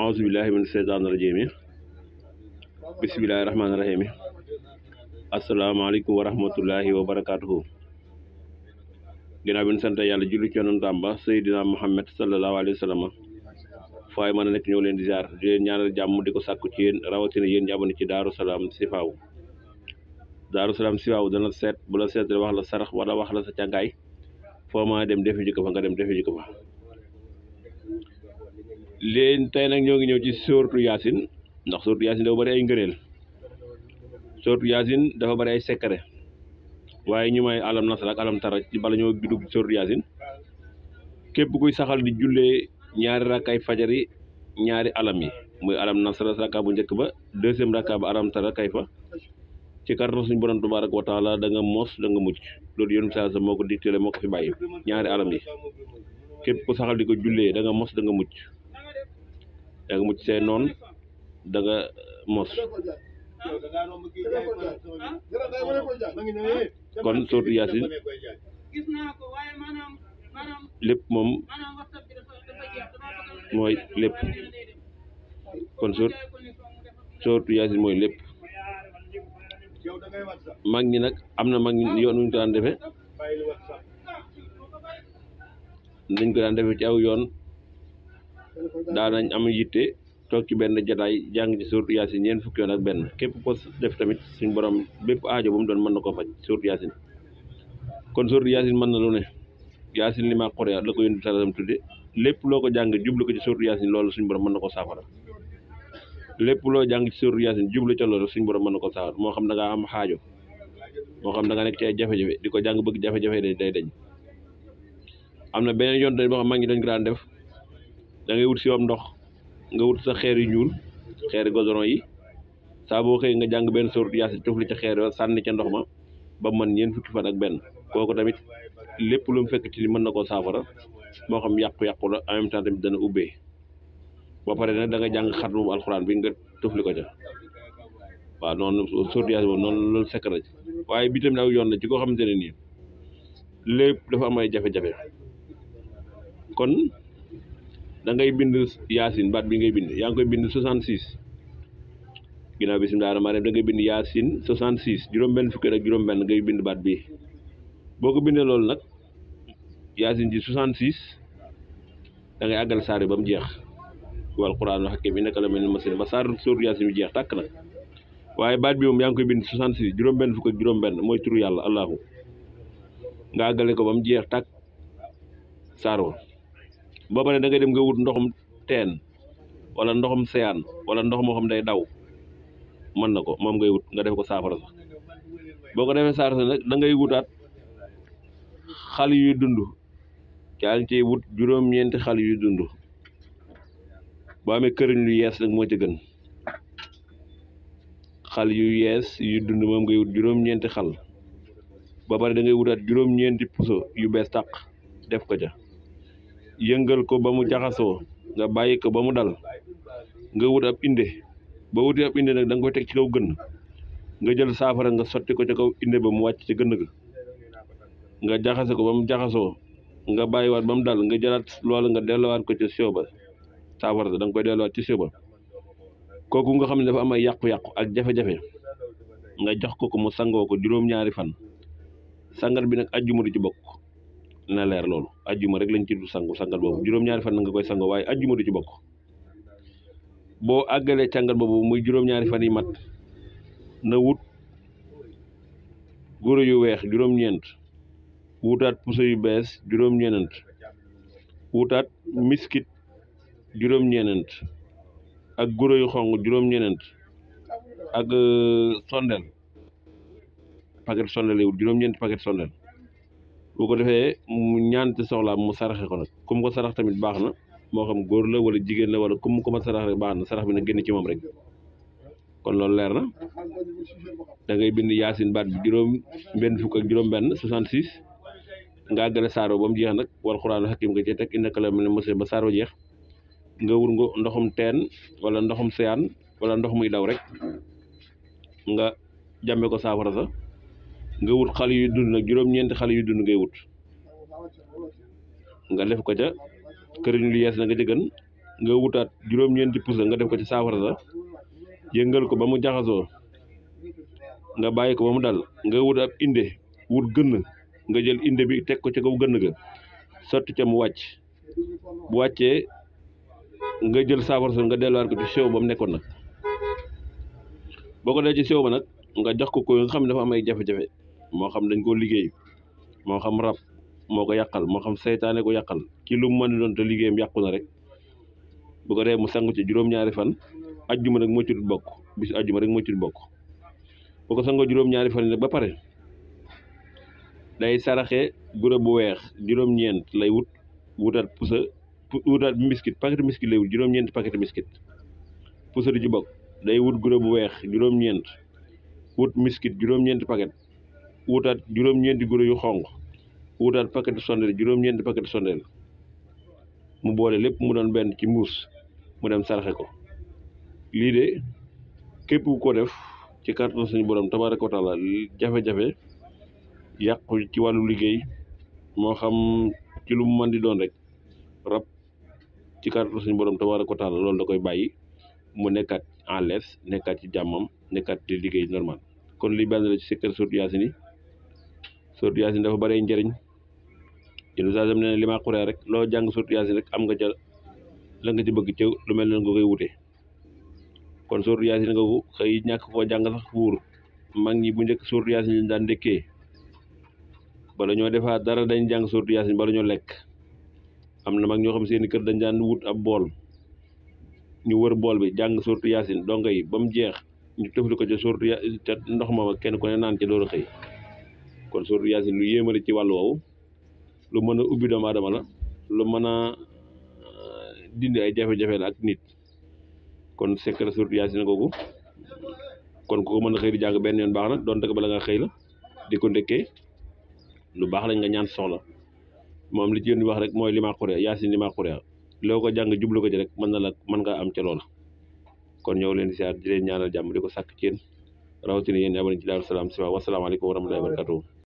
auzu billahi min seytaan rajiimi bismillahi rahmaani rahiimi asalaamaaleykum wa rahmatullahi wa barakaatuhu ginnaaw bi ñu sant yàlla julli ci yonantaam ba Seydina Muhammad sallallahu alayhi wa sallam faay mën a nekk ñëw leen di jaar di leen ñaanal jàmm di ko sàkku ci yéen rawatina yéen ñi ci Daaru Salaam Sifaaw Daaru Salaam Sifaaw dana seet bu la seet wax la sarax wala wax la sa càngaay foo ma dem defe ji fa nga dem defe ji ko fa léegi tey nag ñoo ngi ñëw ci sóortu yaasin ndax sóortu yaasin dafa bari ay ngëneel sóortu yaasin dafa bari ay sekkare waaye ñu may alam nasara ak alam tara ci bala ñoo dugg sóortu yaasin képp kuy saxal di jullee ñaari rakkaay fajari ñaari alam yi muy alam nasara rakka bu njëkk ba deuxième rakka ba alam tara kay fa ci kàttan suñu borom tabaaraka wa taala da nga mos da mucc loolu yéen saa sa moo ko digtale moo ko fi bàyyi ñaari alam yi képp saxal di ko jullee da nga mos da nga da nga mucc noon da nga mos kon sootu yaasin lépp moom mooy lépp kon soot sootu yaasin mooy lépp mag ñi nag am na mag ñi yoon ñu ko daan defe dañ ko daan defe ci aw yoon daanañ am yitte toog ci benn jataay jàng ci suurtu yaasin ñeent fukki yoon ak benn képp ko def tamit suñ borom bépp aajo bu mu doon mën na koo faj suurtu yaasin kon suurtu yaasin mën na lu ne yaasin li maa xore la ko yónni salaam tudde lépp loo ko jàng jublu ko ci yaasin loolu suñ borom mën na ko saafara lépp loo jàng ci suurtu jublu ca loolu suñ borom mën na ko saafara moo xam da ngaa am xaajo moo xam da nga nekk ci jafe-jafe di ko jàng bëgg jafe-jafe day dañ am na beneen yoon tamit boo xam maa ngi dañ ko daan def da ngay wut si am ndox nga wut sa xeeri yu ñuul xeeri godoron yi saa boo xëy nga jàng benn sourate Yaasin tufli ca xeer yoo sànni ca ndox ma ba man ñeent fukki fan ak benn kooku tamit lépp lu mu fekk ci mën na koo saafara moo xam yàqu-yàqu la en même temps dana ubbee ba pare nag da nga jàng xatmum alxuraan bi nga tufli ko ca waaw noonu sourate Yaasin moom noonu loolu sekk na ci waaye bi tamit ak yoon na ci koo xamante ne nii lépp dafa amay ay jafe-jafe kon da ngay bind yaasin baat bi ngay bind yaa ngi koy bind 66 ginnaaw bisimilah rahmaani rahiim da ngay bind yaasin 66 juróom-benn fukki ak juróom-benn bind baat bi boo ko bindee loolu nag yaasin ji 66 da ngay àggal saar mu jeex wal quraan hakiim innaka laminal mursaliin ba saar sóoru yaasin jeex tàkk nag waaye baat bi moom yaa ngi koy bind 66 juróom-benn fukk ak juróom-benn mooy turu yàlla allahu nga àggale ko ba mu jeex tàkk saar ba pare da ngay dem nga wut ndoxum teen wala ndoxum seyaan wala ndox moo xam day daw mën na ko moom ngay wut nga def ko saafara sax boo ko defee saafara sax nag wutaat xal yuy dund yaa ngi ciy wut juróom-ñeenti xal yuy dund boo amee këriñ lu yees nag moo ci gën xal yees yu dund moom ngay wut juróom-ñeenti xal ba pare dangay ngay wutaat juróom-ñeenti puso yu bees tàq def ko ca yëngal ko ba mu jaxasoo nga bàyyi ko ba mu dal nga wut ab inde ba wuti ab inde nag da nga koy teg ci kaw gën nga jël saafara nga sotti ko ci kaw inde ba mu wàcc ci gën ga nga jaxase ko ba mu jaxasoo nga bàyyiwaat ba mu dal nga jëlaat loolu nga delluwaat ko ci sew ba saafara da koy delluwaat ba kooku nga xam ne dafa am ay yàqu-yàqu ak jafe-jafe nga jox ko ko mu sangoo ko juróom-ñaari fan sangar bi nag ajjuma du ci bokk. na leer loolu ajjuma rek lañ ci du sangu sangal boobu juróom-ñaari fan nga koy sango waaye ajjuma du ci bokk boo àggalee càngal boobu muy juróom-ñaari fan yi mat na wut guro yu weex juróom-ñeent wutaat puso yu bees juróom-ñeent wutaat miskit juróom-ñeent ak guro yu xong juróom-ñeent ak euh, sondel paquet sondel yi wut juróom-ñeent paquet sondel bu ko defee mu ñaan ci soxlaa mu saraxe ko nag ku mu ko sarax tamit baax na moo xam góor la wala jigéen la wala ku mu ko ma sarax rek baax na sarax bi na génn ci moom kon loolu leer na da ngay bind yaasin baat bi juróom benn fukk ak juróom benn 66 nga àggale saaro ba mu jeex nag wal xuraanu xakim nga cee teg innaka la mel ne monsieur ba saro jeex nga wur nga ndoxum teen wala ndoxum seyaan wala ndox muy daw rek nga jàmme ko saafara sax nga wut xale yu dund nag juróom-ñeenti xale yu dund ngay wut nga def ko ca këriñ lu yees na nga jëgën nga wutaat juróom-ñeenti pus la nga def ko ci saafara sa yëngal ko ba mu jaxasoo nga bàyyi ko ba mu dal nga wut ab inde wut gënn nga jël inde bi teg ko ca kaw gënn ga sotti ca mu wàcc bu wàccee nga jël saafara sa nga delluwaat ko ci sew ba mu nekkoon nag boo ko dee ci sew ba nag nga jox ko ko nga xam ne dafa am ay jafe-jafe moo xam dañ ko liggéey moo xam rab moo ko yàqal moo xam seytaane ko yàqal ci lu mu mën doon te liggéeyam yàqu na rek bu ko dee mu sangu ci juróom-ñaari fan ajjuma nag moo ci dul bokk bisu ajjuma rek moo bokk boo ko sangoo juróom-ñaari fan yi ba pare day saraxe gurab bu weex juróom-ñeent lay wut wutaat pusa wutaat mbiskit paquet mbiskit lay wut juróom-ñeent paquet mbiskit pusa du ci bokk day wut gura bu weex juróom-ñeent wut mbiskit juróom-ñeent paquet wutaat juróom-ñeenti guro yu xonq wutaat paquet sondel juróom-ñeenti paquet sondel mu boole lépp mu doon benn ci mbuus mu dem sarxe ko lii de képp ko def ci carton suñu borom tabaaraka wa taala jafe-jafe yàqu ci wàllu liggéey moo xam ci lu mën di doon rek rab ci borom tabaaraka wa taala loolu da koy bàyyi mu nekkaat en l'aise nekkaat ci jàmmam nekkaat di liggéey normal kon li benn la ci secret surtout Yaasin yi surtout yaasin dafa bari njariñ yéen saa dem ne li maa rek loo jàng surtout yaasin rek am nga ca la ci bëgg ci lu mel noonu nga koy wute kon surtout yaasin nga xëy ñàkk koo jàng sax mag ñi bu njëkk surtout yaasin lañ daan dëkkee bala ñoo defaat dara dañ jàng surtout yaasin bala ñoo lekk am na mag ñoo xam seeni kër dañ daan wut ab bool ñu wër bool bi jàng surtout yaasin dongo yi ba mu jeex ñu tëfli ko ca surtout ndox ma kenn ku ne naan ca loolu xëy kon sóoratu yaasin lu yéema ci wàllu woowu lu mën a ubbi doomu aadama la lu mën a euh, dindi ay jafe-jafe la ak nit kon secret sóoratu yaasin googu kon ku ko mën a xëy di jàng benn yoon baax na doon dëkk bala nga xëy la di ko ndëkkee lu baax lañ nga ñaan soxla moom li ci yoon wax rek mooy li maa xure yaasin li maa xure loo jàng jublu ko ci rek mën na la mën ngaa am ca loola kon ñëw leen di siyaar di leen ñaanal jàmm di ko sàkk ci yéen rawatina yéen abonné ci Daaru Salaam si waaw wasalaamaaleykum wa rahmatullahi wa